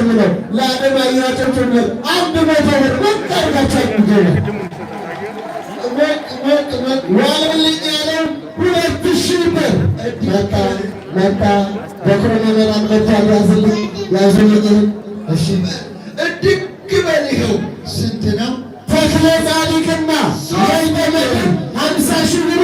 የሚገርም ነው። ለአደም አያቸው ጭምር አንድ ቦታ ሆነ ሞቅ አርጋቸው ዋለልኝ ያለው ሁለት ሺህ ብር መጣ መጣ በኮሮና መራም መጣ ያዝልኝ ያዙልኝ እሺ እድግ በል ይኸው ስንት ነው ተክለ ጻድቅና ሀምሳ ሺህ ብር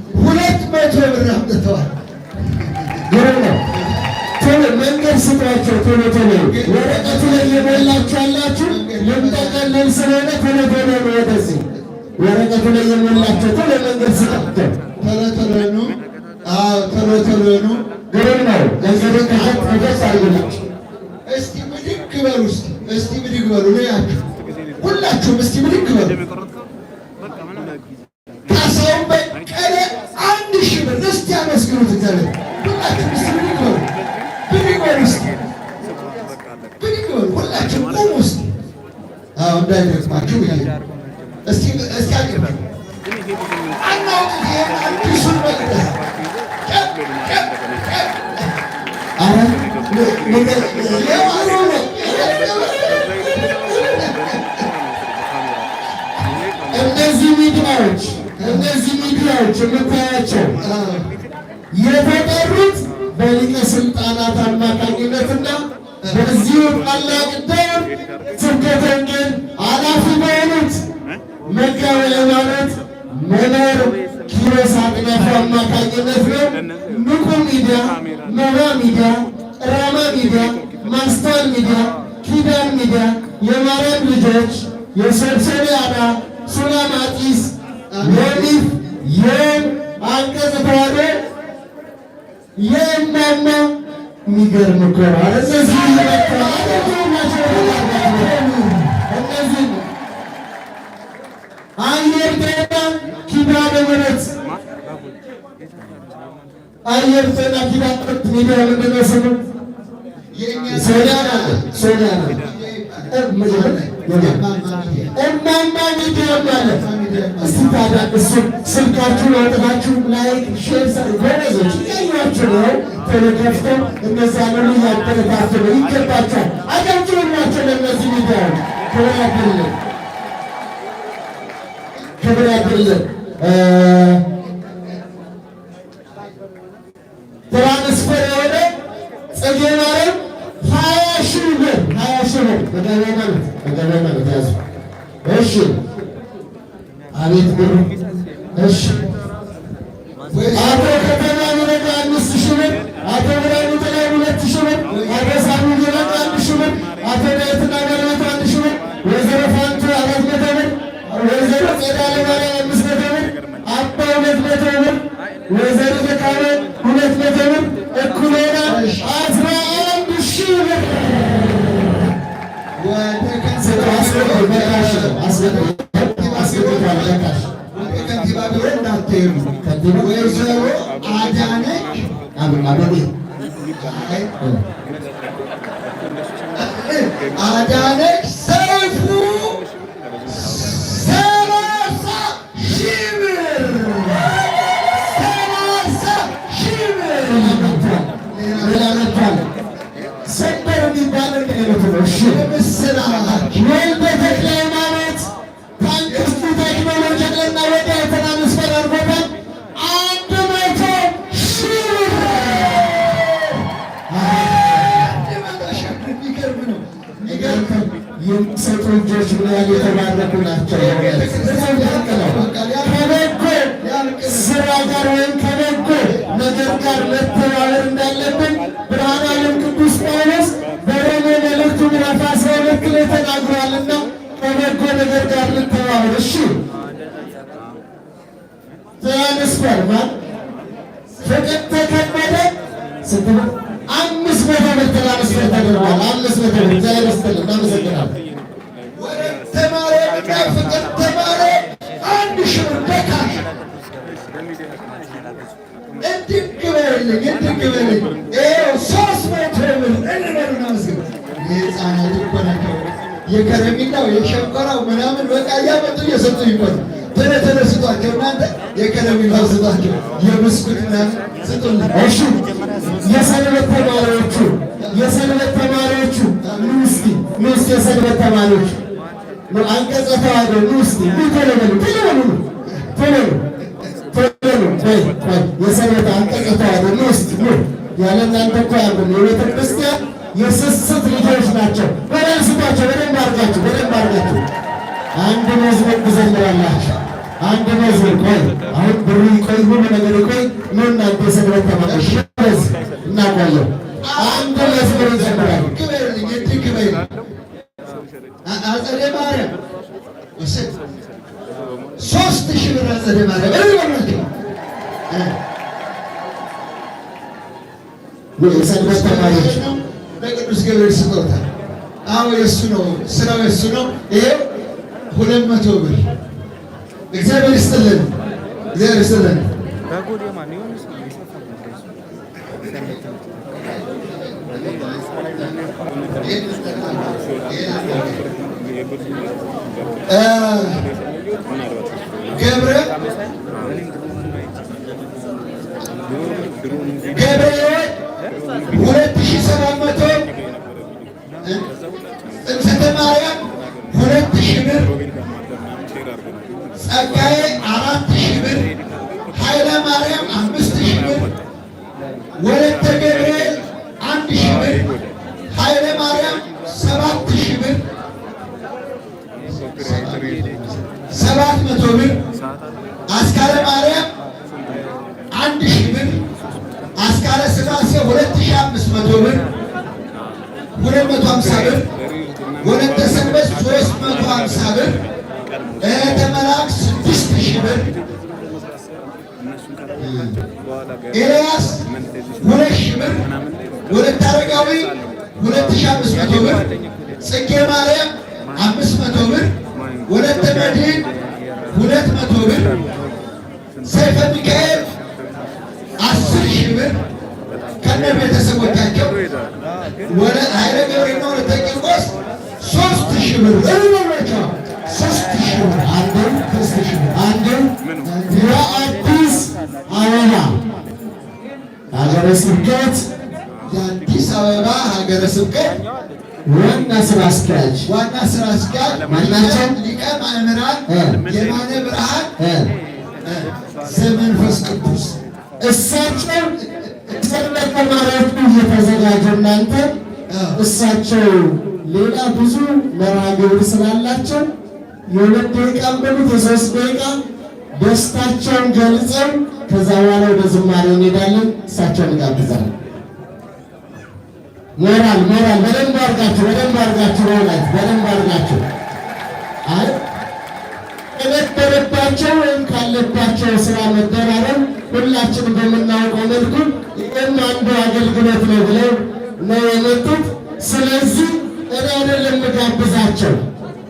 ቶሎ ቶሎ ወረቀቱ ላይ የሞላችሁ አላችሁ ልንጠቀለል ስለሆነ ቶሎ ቶሎ ነው። ወደዚህ ወረቀቱ ላይ የሞላችሁ ቶሎ መንገድ ስጠብቶ ቶሎ ቶሎ ነው። ቶሎ ቶሎ ነው። ግሩም ነው። ለእንግዲህ ከሀት መደስ አድርግላችሁ እስቲ ብድግ በሉ። እስቲ እስቲ ብድግ በሉ ያችሁ። ሁላችሁም እስቲ ብድግ በሉ። ካሳሁን በቀለ አንድ ሺህ ብር እስቲ አመስግኑት እግዚአብሔር እንዳይደክማችሁ እነዚህ ሚዲያዎች እነዚህ ሚዲያዎች የምታያቸው የተጠሩት በሊቀ ስልጣናት አማካኝነትና በዚሁ ታላቅ ደም ስብከተ ወንጌል ኃላፊ በሆኑት መጋቤ ሃይማኖት መምህር ኪሮስ አጥናፉ አማካኝነት ነው። ንቁ ሚዲያ፣ ኖባ ሚዲያ፣ ራማ ሚዲያ፣ ማስተዋል ሚዲያ፣ ኪዳን ሚዲያ፣ የማርያም ልጆች፣ የሰብሰቤ አዳ፣ ሱላማጢስ ወሊፍ የም አንቀጽ ተዋሕዶ የእናና የሚገርም እኮ አየር ጤና ኪዳነ ምሕረት አየር ጤና ኪዳነ ምሕረት ሚዲያው ምንድን ነው ስሙ? ሶሊያና አለ ሶሊያና እማማ ሚዲያ ባለ እስቲ ታዲያ እሱን ስልካችሁ ለውጥታችሁ ላይክ ሼር ጎበዞች እያዩችሁ ነው። ተለከፍተው እነዚያ ምን እያበረታቱ ነው? ይገባቸዋል። አቀንጭሉናቸው ለእነዚህ ሚዲያዎች ክብር ያድርልን፣ ክብር ያድርልን። አትሄዱ። ወይዘሮ አዳነች አዳነች ሰይፉ ሰላሳ ሺህ ብር ሰላሳ ሺህ ብር ሰበር የሚባለው የተባረኩ ናቸው። ከበጎ ስራ ጋር ወይም ከበጎ ነገር ጋር መተባበር እንዳለብን ብርሃነ ዓለም ቅዱስ ጳውሎስ በሮሜ መልእክቱ ምዕራፍ አስራ ሁለት ላይ ተናግሯልና ከበጎ ነገር ጋር ልንተባበር። እሺ ትራንስፈርማ ፍቅር ተከበደ ስትል አምስት መቶ ብር ትራንስፈር ተደርጓል። አምስት መቶ ብር ዛይረስትል እናመሰግናለን። የመንጋይ ፍቅር ተማረ አንድ ሺህ ብር እንድግበልኝ እንድግበልኝ ሶስት መቶ ብር እንበሉና ምስግ የህፃናት ይኮናቸው የከረሚናው የሸንኮራው ምናምን በቃ እያመጡ እየሰጡ ይኮን ተነተነ ስጧቸው እናንተ የከረሚናው ስጧቸው የብስኩት ምናምን ስጡልን። እሺ የሰንበት ተማሪዎቹ የሰንበት ተማሪዎቹ ኑ እስኪ የሰንበት ተማሪዎቹ አንቀጸ ተዋሕዶ ውስጥ ተለበሉ ተለበሉ ተለበሉ ተለበሉ ቆይ ቆይ የሰንበት አንቀጸ ተዋሕዶ ውስጥ ያለ እናንተ እኮ ያሉ የቤተ ክርስቲያን የስስት ልጆች ናቸው። በደንብ ስቷቸው፣ በደንብ አድርጋችሁ፣ በደንብ አድርጋችሁ አንድ መዝሙር ትዘምራላችሁ። አንድ መዝሙር ቆይ አሁን ብሩ ይቆይ፣ ሁሉ ነገር ይቆይ። ምን እናንተ ሰንበት ተመጣሽ እናቆየው አንድ መዝሙር ይዘምራል አጸደ ማርያም ወሰድ ሶስት ሺህ ብር አጸደ ማርያም ሰንበት ተማሪዎች ነው። ለቅዱስ ገብርኤል ስጦታ አሁ የእሱ ነው፣ ስራው የእሱ ነው። ይሄ ሁለት መቶ ብር እግዚአብሔር ይስጥልን፣ እግዚአብሔር ይስጥልን። ገብረ ገብረ ሁለት ሺህ ሰባት መቶ እንስተ ማርያም ሁለት ሺህ ብር ጸጋዬ አራት ሺህ ብር ኃይለ ማርያም አምስት ሺህ ብር ባለ ስላሴ ሁለት ሺህ አምስት መቶ ብር፣ ሁለት መቶ ሀምሳ ብር፣ ወለተ ሰንበት ሶስት መቶ ሀምሳ ብር፣ እህተ መልአክ ስድስት ሺህ ብር፣ ኤልያስ ሁለት ሺህ ብር፣ ወለተ አረጋዊ ሁለት ሺህ አምስት መቶ ብር፣ ጽጌ ማርያም አምስት መቶ ብር፣ ወለተ መድህን ሁለት መቶ ብር፣ ሰይፈ ሚካኤል የአዲስ አበባ ሀገረ ስብከት የአዲስ አበባ ሀገረ ስብከት ዋና ስራ አስኪያጅ ዋና ስራ አስኪያጅ ማናቸው? ሊቀ ማእምራን የማነ ብርሃን ዘመንፈስ ቅዱስ እሳቸው ጥር ለተማሪዎቹ እየተዘጋጁ እናንተ እሳቸው ሌላ ብዙ መርሃ ስላላቸው የሁለት ደቂቃ በሉት የሶስት ደቂቃ ደስታቸውን ገልጸው ከዛ በኋላ ወደ ዝማሬ እንሄዳለን። እሳቸውን እንጋብዛለን። ሞራል ሞራል በደንብ አድርጋችሁ በደንብ አድርጋችሁ ሞራል በደንብ አድርጋችሁ አይ የነበረባቸው ወይም ካለባቸው ስራ መደራረብ ሁላችን በምናውቀው መልኩ ይህም አንዱ አገልግሎት ነው ብለው ነው የመጡት። ስለዚህ እግዚአብሔርን ልንጋብዛቸው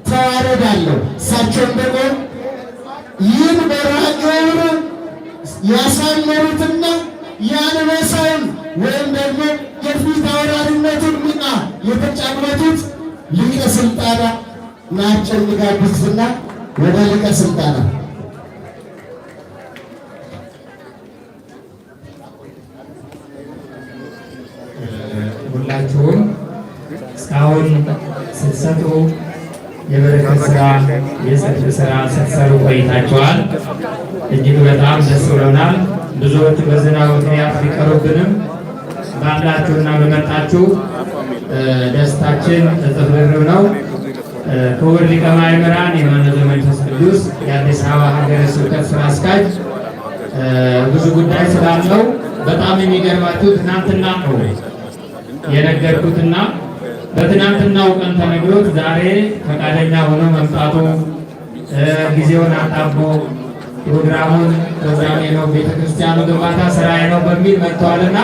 ተዋረዳለሁ። እሳቸውም ደግሞ ይህን በራቀውን ያሳመሩትና የአንበሳውን ወይም ደግሞ የፊት አውራሪነቱን ሚና የተጫወቱት ሊቀ ስልጣና ናቸው። ልጋብዝና ወደ ሊቀ ስልጣና ሁላችሁም እስካሁን ስትሰጡ የበረከት ስራ የጽድቅ ስራ ስትሰሩ ቆይታችኋል። እጅግ በጣም ደስ ብሎናል። ብዙዎች በዝናብ ምክንያት ቢቀሩብንም ባላችሁና በመጣችሁ ደስታችን ተጠፍርርብ ነው። ክቡር ሊቀ ማእምራን የማነ ቅዱስ የአዲስ አበባ ሀገረ ስብከት ስራ አስኪያጅ ብዙ ጉዳይ ስላለው በጣም የሚገርማችሁ ትናንትና ነው የነገርኩትና በትናንትናው ቀን ተነግሮት ዛሬ ፈቃደኛ ሆኖ መምጣቱ ጊዜውን አጣቦ ፕሮግራሙን ፕሮግራሜ ነው ቤተክርስቲያኑ ግንባታ ስራዬ ነው በሚል መጥተዋልና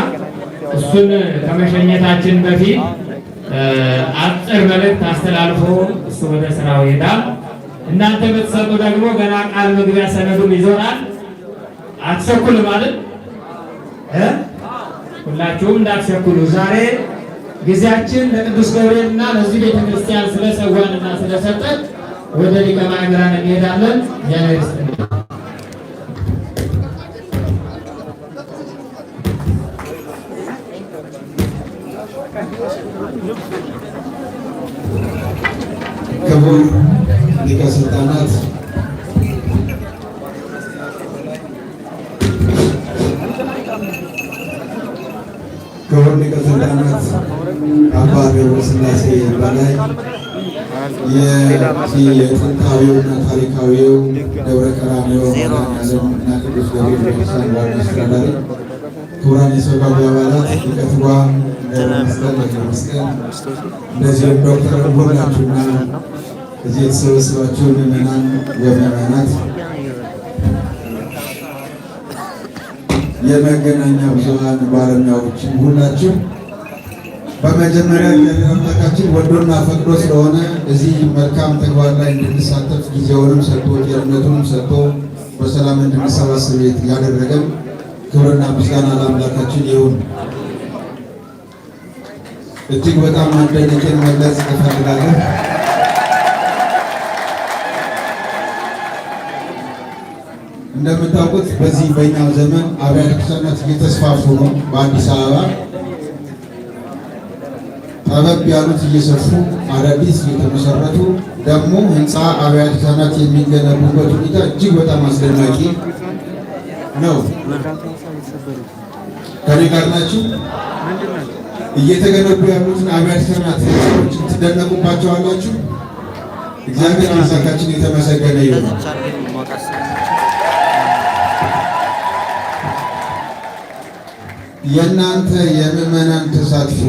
እሱን ከመሸኘታችን በፊት አጭር መልእክት አስተላልፎ እሱ ወደ ስራው ይሄዳል። እናንተ የምትሰጡ ደግሞ ገና ቃል መግቢያ ሰነዱን ይዞናል። አትሸኩል ማለት ሁላችሁም እንዳትሸኩሉ ዛሬ ጊዜያችን ለቅዱስ ገብርኤልና ለዚህ ቤተክርስቲያን ስለሰዋንና ስለሰጠን ወደ ሊቀ ማእምራን እንሄዳለን። ያስ ክቡር ሊቀ ስልጣናት ክቡር ሊቀ ካህናት አባ ገብረ ሥላሴ በላይ የጥንታዊውና ታሪካዊው ደብረ ቀራንዮ መድኃኔዓለም እና ቅዱስ ገብርኤል ቤተክርስቲያን ዋና አስተዳዳሪ፣ ክቡራን የሰብሳቢ አባላት፣ ሊቀ ትጉሃን መስቀል፣ እንደዚሁም ዶክተር ሁላችሁና እዚህ የተሰበሰባችሁ ምዕመናን ወምዕመናት የመገናኛ ብዙሃን ባለሙያዎች ሁላችሁ በመጀመሪያ ሊያደረጋችን ወዶና ፈቅዶ ስለሆነ እዚህ መልካም ተግባር ላይ እንድንሳተፍ ጊዜውንም ሰጥቶ ጤንነቱንም ሰጥቶ በሰላም እንድንሰባሰብ ያደረገን ክብርና ምስጋና ለአምላካችን ይሁን። እጅግ በጣም አንደነቄን መግለጽ እፈልጋለሁ። እንደምታውቁት በዚህ በእኛ ዘመን አብያተ ክርስቲያናት እየተስፋፉ ነው። በአዲስ አበባ ጠበብ ያሉት እየሰፉ አዳዲስ እየተመሰረቱ ደግሞ ህንፃ አብያተ ክርስቲያናት የሚገነቡበት ሁኔታ እጅግ በጣም አስደናቂ ነው። ከኔ ጋር ናችሁ። እየተገነቡ ያሉትን አብያተ ክርስቲያናት ትደነቁባቸዋላችሁ። እግዚአብሔር አምላካችን የተመሰገነ ይሆናል። የእናንተ የምዕመናን ተሳትፎ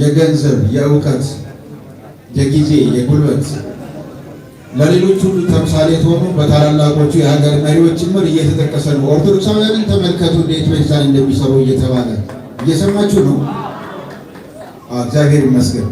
የገንዘብ፣ የእውቀት፣ የጊዜ፣ የጉልበት ለሌሎች ሁሉ ተምሳሌት ሆኖ በታላላቆቹ የሀገር መሪዎች ጭምር እየተጠቀሰ ነው። ኦርቶዶክሳውያንን ተመልከቱ እንዴት ቤተክርስቲያን እንደሚሰሩ እየተባለ እየሰማችሁ ነው። እግዚአብሔር ይመስገን።